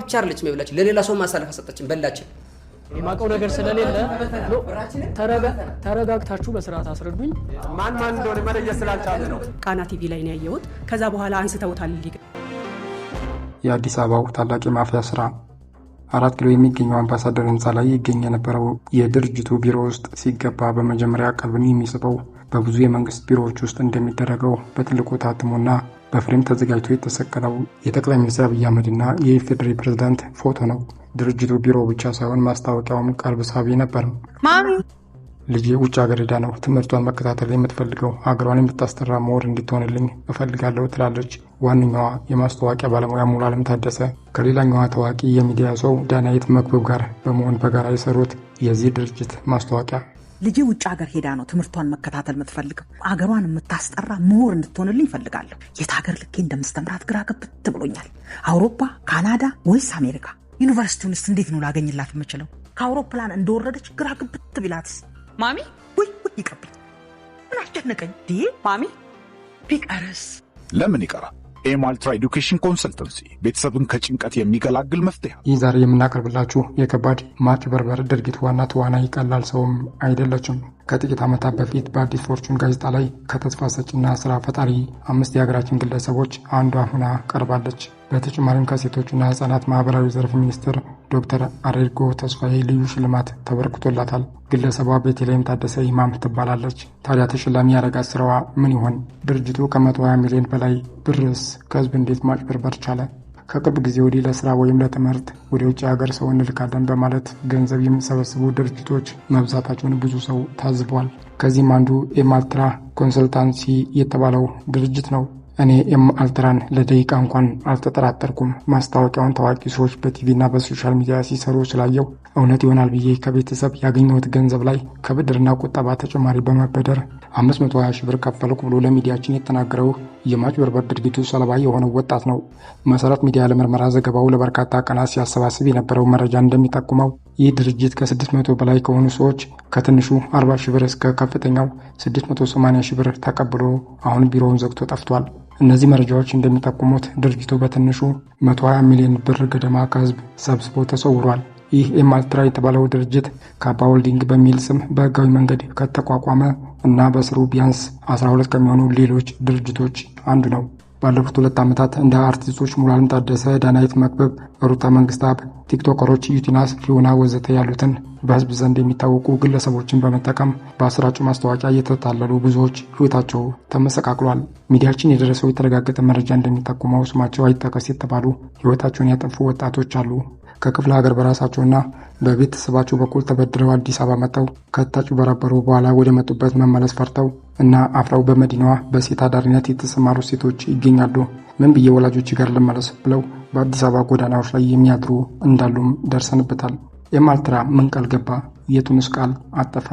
ብቻ አለች የበላችን፣ ለሌላ ሰው ማሳለፍ አሰጠችን፣ በላችን። የማውቀው ነገር ስለሌለ ተረጋግታችሁ በስርዓት አስረዱኝ። ማን ማን እንደሆነ መለየት ስላልቻለ ነው። ቃና ቲቪ ላይ ነው ያየሁት። ከዛ በኋላ አንስተውታል። የአዲስ አበባው ታላቅ የማፊያ ስራ አራት ኪሎ የሚገኘው አምባሳደር ህንፃ ላይ ይገኝ የነበረው የድርጅቱ ቢሮ ውስጥ ሲገባ በመጀመሪያ ቀልብን የሚስበው በብዙ የመንግስት ቢሮዎች ውስጥ እንደሚደረገው በትልቁ ታትሞና በፍሬም ተዘጋጅቶ የተሰቀለው የጠቅላይ ሚኒስትር አብይ አህመድና የኢፌዴሪ ፕሬዝዳንት ፎቶ ነው። ድርጅቱ ቢሮ ብቻ ሳይሆን ማስታወቂያውም ቀልብ ሳቢ ነበር። ልጄ ውጭ ሀገር ሄዳ ነው ትምህርቷን መከታተል የምትፈልገው፣ ሀገሯን የምታስጠራ መወር እንድትሆንልኝ እፈልጋለሁ ትላለች ዋነኛዋ የማስታወቂያ ባለሙያ ሙሉ አለም ታደሰ ከሌላኛዋ ታዋቂ የሚዲያ ሰው ዳናይት መክብብ ጋር በመሆን በጋራ የሰሩት የዚህ ድርጅት ማስታወቂያ ልጄ ውጭ ሀገር ሄዳ ነው ትምህርቷን መከታተል የምትፈልገው፣ አገሯን የምታስጠራ ምሁር እንድትሆንልኝ እፈልጋለሁ። የት ሀገር ልኬ እንደምስተምራት ግራ ገብት ብሎኛል። አውሮፓ፣ ካናዳ ወይስ አሜሪካ? ዩኒቨርሲቲውን እንዴት ነው ላገኝላት የምችለው? ከአውሮፕላን እንደወረደች ግራ ግብት ቢላትስ? ማሚ ወይ ወይ ይቀብኝ ምን አስጨነቀኝ? ማሚ ቢቀርስ ለምን ይቀራል? ኤም ኤዱኬሽን ኮንሰልተንሲ ቤተሰብን ከጭንቀት የሚገላግል መፍትሄ። ይህ ዛሬ የምናቀርብላችሁ የከባድ ማጭበርበር ድርጊት ዋና ተዋናይ ቀላል ሰውም አይደለችም። ከጥቂት ዓመታት በፊት በአዲስ ፎርቹን ጋዜጣ ላይ ከተስፋ ሰጭና ስራ ፈጣሪ አምስት የሀገራችን ግለሰቦች አንዷ ሁና ቀርባለች። በተጨማሪም ከሴቶችና ህጻናት ማህበራዊ ዘርፍ ሚኒስትር ዶክተር አሬድጎ ተስፋዬ ልዩ ሽልማት ተበርክቶላታል። ግለሰቧ ቤተልሔም ታደሰ ይማም ትባላለች። ታዲያ ተሸላሚ ያረጋት ስራዋ ምን ይሆን? ድርጅቱ ከ120 ሚሊዮን በላይ ብርስ ከህዝብ እንዴት ማጭበርበር ቻለ? ከቅርብ ጊዜ ወዲህ ለስራ ወይም ለትምህርት ወደ ውጭ ሀገር ሰው እንልካለን በማለት ገንዘብ የሚሰበስቡ ድርጅቶች መብዛታቸውን ብዙ ሰው ታዝቧል። ከዚህም አንዱ ኤማልትራ ኮንሰልታንሲ የተባለው ድርጅት ነው። እኔ ኤም አልትራን ለደቂቃ እንኳን አልተጠራጠርኩም። ማስታወቂያውን ታዋቂ ሰዎች በቲቪና በሶሻል ሚዲያ ሲሰሩ ስላየው እውነት ይሆናል ብዬ ከቤተሰብ ያገኘሁት ገንዘብ ላይ ከብድርና ቁጠባ ተጨማሪ በመበደር 520 ሺህ ብር ከፈልኩ ብሎ ለሚዲያችን የተናገረው የማጭበርበር ድርጊቱ ሰለባ የሆነው ወጣት ነው። መሰረት ሚዲያ ለምርመራ ዘገባው ለበርካታ ቀናት ሲያሰባስብ የነበረው መረጃ እንደሚጠቁመው ይህ ድርጅት ከ600 በላይ ከሆኑ ሰዎች ከትንሹ 40 ሺህ ብር እስከ ከፍተኛው 680 ሺህ ብር ተቀብሎ አሁን ቢሮውን ዘግቶ ጠፍቷል። እነዚህ መረጃዎች እንደሚጠቁሙት ድርጅቱ በትንሹ 120 ሚሊዮን ብር ገደማ ከህዝብ ሰብስቦ ተሰውሯል። ይህ ኤማልትራ የተባለው ድርጅት ካባ ሆልዲንግ በሚል ስም በህጋዊ መንገድ ከተቋቋመ እና በስሩ ቢያንስ 12 ከሚሆኑ ሌሎች ድርጅቶች አንዱ ነው። ባለፉት ሁለት ዓመታት እንደ አርቲስቶች ሙሉዓለም ታደሰ፣ ዳናይት መክበብ፣ ሩታ መንግስታብ፣ ቲክቶከሮች ዩቲናስ፣ ፊዮና ወዘተ ያሉትን በህዝብ ዘንድ የሚታወቁ ግለሰቦችን በመጠቀም በአስራጩ ማስታወቂያ እየተታለሉ ብዙዎች ህይወታቸው ተመሰቃቅሏል። ሚዲያችን የደረሰው የተረጋገጠ መረጃ እንደሚጠቁመው ስማቸው አይጠቀስ የተባሉ ህይወታቸውን ያጠፉ ወጣቶች አሉ። ከክፍለ ሀገር በራሳቸውና በቤተሰባቸው በኩል ተበድረው አዲስ አበባ መጥተው ከተጭበረበሩ በኋላ ወደ መጡበት መመለስ ፈርተው እና አፍረው በመዲናዋ በሴት አዳሪነት የተሰማሩ ሴቶች ይገኛሉ። ምን ብዬ ወላጆች ጋር ልመለስ ብለው በአዲስ አበባ ጎዳናዎች ላይ የሚያድሩ እንዳሉም ደርሰንበታል። የማልትራ መንቀል ገባ፣ የቱንስ ቃል አጠፈ።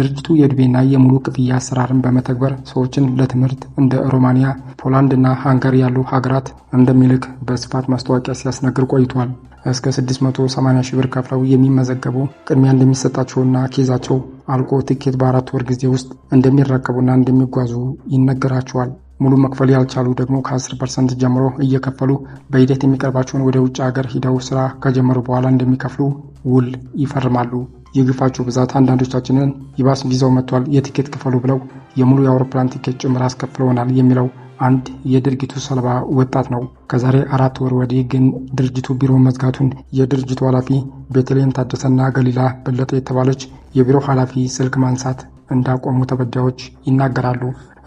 ድርጅቱ የዕድሜና የሙሉ ክፍያ አሰራርን በመተግበር ሰዎችን ለትምህርት እንደ ሮማንያ፣ ፖላንድ እና ሃንጋሪ ያሉ ሀገራት እንደሚልክ በስፋት ማስታወቂያ ሲያስነግር ቆይቷል። እስከ 680 ሺህ ብር ከፍለው የሚመዘገቡ ቅድሚያ እንደሚሰጣቸውና ኬዛቸው አልቆ ትኬት በአራት ወር ጊዜ ውስጥ እንደሚረከቡና እንደሚጓዙ ይነገራቸዋል። ሙሉ መክፈል ያልቻሉ ደግሞ ከ10 ፐርሰንት ጀምሮ እየከፈሉ በሂደት የሚቀርባቸውን ወደ ውጭ ሀገር ሂደው ስራ ከጀመሩ በኋላ እንደሚከፍሉ ውል ይፈርማሉ። የግፋቹ ብዛት አንዳንዶቻችንን ይባስ ቪዛው መጥቷል፣ የትኬት ክፈሉ ብለው የሙሉ የአውሮፕላን ቲኬት ጭምር አስከፍለውናል የሚለው አንድ የድርጊቱ ሰለባ ወጣት ነው። ከዛሬ አራት ወር ወዲህ ግን ድርጅቱ ቢሮ መዝጋቱን የድርጅቱ ኃላፊ ቤተልሔም ታደሰና ገሊላ በለጠ የተባለች የቢሮ ኃላፊ ስልክ ማንሳት እንዳቆሙ ተበዳዮች ይናገራሉ።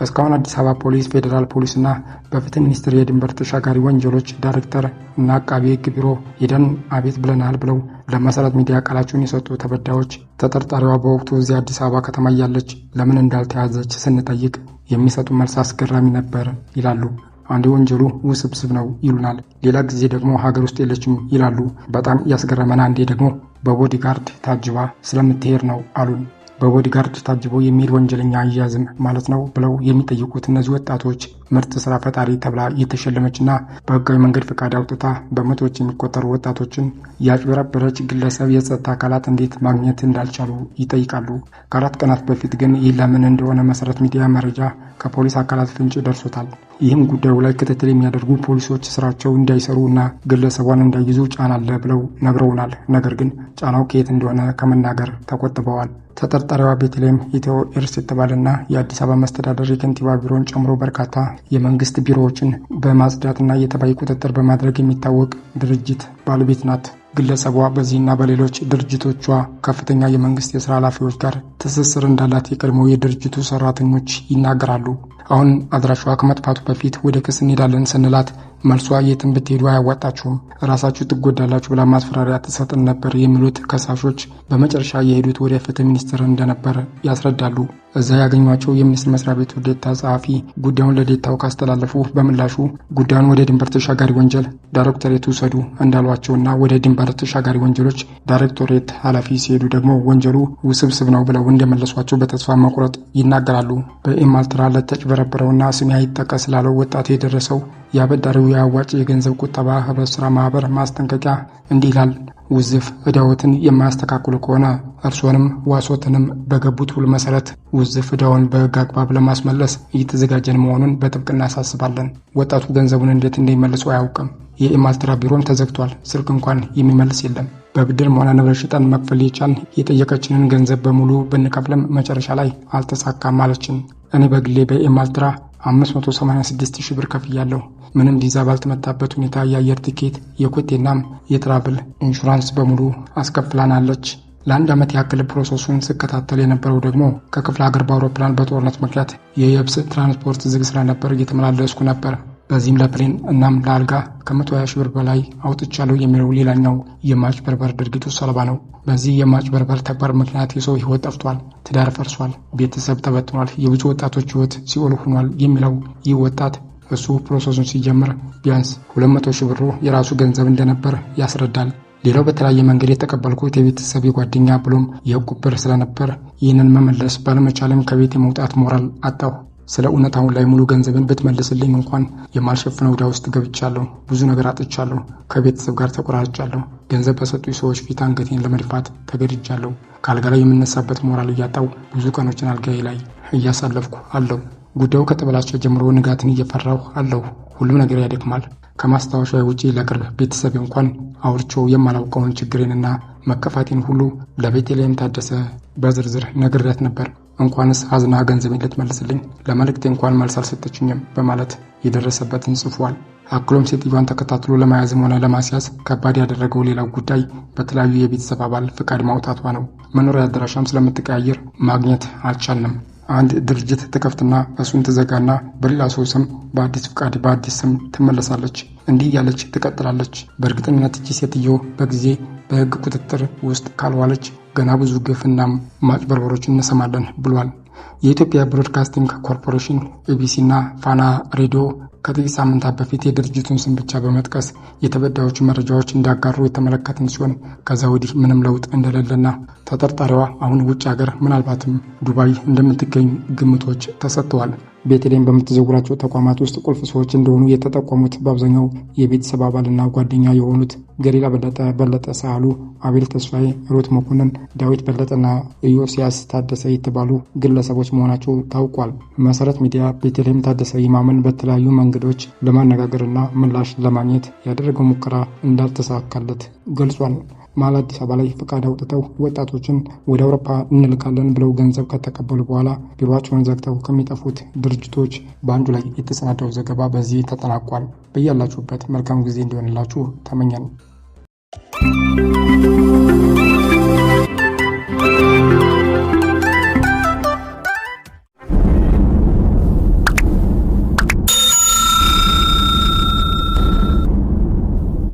እስካሁን አዲስ አበባ ፖሊስ፣ ፌዴራል ፖሊስና በፍትህ ሚኒስቴር የድንበር ተሻጋሪ ወንጀሎች ዳይሬክተር እና አቃቢ ህግ ቢሮ ሄደን አቤት ብለናል ብለው ለመሰረት ሚዲያ ቃላቸውን የሰጡ ተበዳዮች ተጠርጣሪዋ በወቅቱ እዚህ አዲስ አበባ ከተማ እያለች ለምን እንዳልተያዘች ስንጠይቅ የሚሰጡ መልስ አስገራሚ ነበር ይላሉ። አንድ ወንጀሉ ውስብስብ ነው ይሉናል። ሌላ ጊዜ ደግሞ ሀገር ውስጥ የለችም ይላሉ። በጣም ያስገረመን አንዴ ደግሞ በቦዲጋርድ ታጅባ ስለምትሄድ ነው አሉን። በቦዲጋርድ ታጅቦ የሚሄድ ወንጀለኛ አያያዝም ማለት ነው ብለው የሚጠይቁት እነዚህ ወጣቶች ምርጥ ስራ ፈጣሪ ተብላ የተሸለመችና በህጋዊ መንገድ ፈቃድ አውጥታ በመቶዎች የሚቆጠሩ ወጣቶችን ያጭበረበረች ግለሰብ የጸጥታ አካላት እንዴት ማግኘት እንዳልቻሉ ይጠይቃሉ። ከአራት ቀናት በፊት ግን ይህ ለምን እንደሆነ መሰረት ሚዲያ መረጃ ከፖሊስ አካላት ፍንጭ ደርሶታል። ይህም ጉዳዩ ላይ ክትትል የሚያደርጉ ፖሊሶች ስራቸው እንዳይሰሩ እና ግለሰቧን እንዳይዙ ጫና አለ ብለው ነግረውናል። ነገር ግን ጫናው ከየት እንደሆነ ከመናገር ተቆጥበዋል። ተጠርጣሪዋ ቤተልሔም ኢትዮ ኤርስ የተባለና የአዲስ አበባ መስተዳደር የከንቲባ ቢሮን ጨምሮ በርካታ የመንግስት ቢሮዎችን በማጽዳትና የተባይ ቁጥጥር በማድረግ የሚታወቅ ድርጅት ባለቤት ናት። ግለሰቧ በዚህና በሌሎች ድርጅቶቿ ከፍተኛ የመንግስት የስራ ኃላፊዎች ጋር ትስስር እንዳላት የቀድሞው የድርጅቱ ሰራተኞች ይናገራሉ። አሁን አድራሿ ከመጥፋቱ በፊት ወደ ክስ እንሄዳለን ስንላት መልሷ የትም ብትሄዱ አያዋጣችሁም፣ ራሳችሁ ትጎዳላችሁ ብላ ማስፈራሪያ ትሰጥን ነበር የሚሉት ከሳሾች በመጨረሻ የሄዱት ወደ ፍትህ ሚኒስቴር እንደነበር ያስረዳሉ። እዛ ያገኟቸው የሚኒስቴር መስሪያ ቤቱ ዴታ ጸሐፊ ጉዳዩን ለዴታው ካስተላለፉ በምላሹ ጉዳዩን ወደ ድንበር ተሻጋሪ ወንጀል ዳይሬክቶሬት ውሰዱ እንዳሏቸውና ወደ ድንበር ተሻጋሪ ወንጀሎች ዳይሬክቶሬት ኃላፊ ሲሄዱ ደግሞ ወንጀሉ ውስብስብ ነው ብለው እንደመለሷቸው በተስፋ መቁረጥ ይናገራሉ። በኢማልትራ ለተጭበ ላጭበረበረውና ስም አይጠቀስ ላለው ወጣት የደረሰው የአበዳሪው የአዋጭ የገንዘብ ቁጠባ ህብረት ማህበር ማስጠንቀቂያ እንዲህ ይላል። ውዝፍ ዕዳዎትን የማያስተካክሉ ከሆነ እርሶንም ዋሶትንም በገቡት ውል መሰረት ውዝፍ እዳውን በህግ አግባብ ለማስመለስ እየተዘጋጀን መሆኑን በጥብቅ እናሳስባለን። ወጣቱ ገንዘቡን እንዴት እንደሚመልሰው አያውቅም። የኢማልትራ ቢሮም ተዘግቷል። ስልክ እንኳን የሚመልስ የለም። በብድር መሆነ ንብረት ሽጠን መክፈል የቻልን የጠየቀችንን ገንዘብ በሙሉ ብንከፍልም መጨረሻ ላይ አልተሳካም አለችን። እኔ በግሌ በኤም አልትራ 586 ሺህ ብር ከፍያለሁ። ምንም ቪዛ ባልተመታበት ሁኔታ የአየር ትኬት የኮቴናም የትራቭል ኢንሹራንስ በሙሉ አስከፍላናለች። ለአንድ ዓመት ያክል ፕሮሰሱን ስከታተል የነበረው ደግሞ ከክፍለ ሀገር በአውሮፕላን በጦርነት ምክንያት የየብስ ትራንስፖርት ዝግ ስለነበር እየተመላለስኩ ነበር። በዚህም ለፕሌን እናም ለአልጋ ከመቶ 120 ሺህ ብር በላይ አውጥቻለሁ የሚለው ሌላኛው የማጭበርበር ድርጊቱ ሰለባ ነው። በዚህ የማጭበርበር ተግባር ምክንያት የሰው ሕይወት ጠፍቷል፣ ትዳር ፈርሷል፣ ቤተሰብ ተበትኗል፣ የብዙ ወጣቶች ሕይወት ሲኦል ሆኗል የሚለው ይህ ወጣት እሱ ፕሮሰሱን ሲጀምር ቢያንስ 200 ሺህ ብሩ የራሱ ገንዘብ እንደነበር ያስረዳል። ሌላው በተለያየ መንገድ የተቀበልኩት የቤተሰብ የጓደኛ ብሎም የቁብር ብር ስለነበር ይህንን መመለስ ባለመቻልም ከቤት የመውጣት ሞራል አጣሁ። ስለ እውነት አሁን ላይ ሙሉ ገንዘብን ብትመልስልኝ እንኳን የማልሸፍነው ውዳ ውስጥ ገብቻለሁ። ብዙ ነገር አጥቻለሁ። ከቤተሰብ ጋር ተቆራርጫለሁ። ገንዘብ በሰጡኝ ሰዎች ፊት አንገቴን ለመድፋት ተገድጃለሁ። ከአልጋ ላይ የምነሳበት ሞራል እያጣው ብዙ ቀኖችን አልጋዬ ላይ እያሳለፍኩ አለሁ። ጉዳዩ ከጥበላቸው ጀምሮ ንጋትን እየፈራሁ አለሁ። ሁሉም ነገር ያደክማል። ከማስታወሻ ውጪ ለቅርብ ቤተሰብ እንኳን አውርቼው የማላውቀውን ችግሬንና መከፋቴን ሁሉ ለቤተልሔም ታደሰ በዝርዝር ነግሬያት ነበር። እንኳንስ አዝና ገንዘቤን ልትመልስልኝ ለመልእክቴ እንኳን መልስ አልሰጠችኝም በማለት የደረሰበትን ጽፏል። አክሎም ሴትዮዋን ተከታትሎ ለመያዝም ሆነ ለማስያዝ ከባድ ያደረገው ሌላው ጉዳይ በተለያዩ የቤተሰብ አባል ፍቃድ ማውጣቷ ነው። መኖሪያ አድራሻም ስለምትቀያየር ማግኘት አልቻልንም። አንድ ድርጅት ትከፍትና እሱን ትዘጋና በሌላ ሰው ስም በአዲስ ፍቃድ በአዲስ ስም ትመለሳለች። እንዲህ እያለች ትቀጥላለች። በእርግጠኝነት እቺ ሴትዮ በጊዜ በህግ ቁጥጥር ውስጥ ካልዋለች ገና ብዙ ግፍና ማጭበርበሮች እንሰማለን ብሏል። የኢትዮጵያ ብሮድካስቲንግ ኮርፖሬሽን እና ፋና ሬዲዮ ከጥቂት ሳምንታት በፊት የድርጅቱን ስም ብቻ በመጥቀስ የተበዳዮች መረጃዎች እንዳጋሩ የተመለከትን ሲሆን ከዛ ወዲህ ምንም ለውጥ እንደሌለና ተጠርጣሪዋ አሁን ውጭ ሀገር ምናልባትም ዱባይ እንደምትገኝ ግምቶች ተሰጥተዋል። ቤተልሔም በምትዘውራቸው ተቋማት ውስጥ ቁልፍ ሰዎች እንደሆኑ የተጠቆሙት በአብዛኛው የቤተሰብ አባልና ጓደኛ የሆኑት ገሪላ በለጠ ሳህሉ፣ አቤል ተስፋዬ፣ ሩት መኮንን፣ ዳዊት በለጠና ኢዮስያስ ታደሰ የተባሉ ግለሰቦች መሆናቸው ታውቋል። መሰረት ሚዲያ ቤተልሔም ታደሰ ይማመን በተለያዩ መንገዶች ለማነጋገርና ምላሽ ለማግኘት ያደረገው ሙከራ እንዳልተሳካለት ገልጿል። መሀል አዲስ አበባ ላይ ፈቃድ አውጥተው ወጣቶችን ወደ አውሮፓ እንልካለን ብለው ገንዘብ ከተቀበሉ በኋላ ቢሮቸውን ዘግተው ከሚጠፉት ድርጅቶች በአንዱ ላይ የተሰናዳው ዘገባ በዚህ ተጠናቋል። በያላችሁበት መልካም ጊዜ እንዲሆንላችሁ ተመኘን።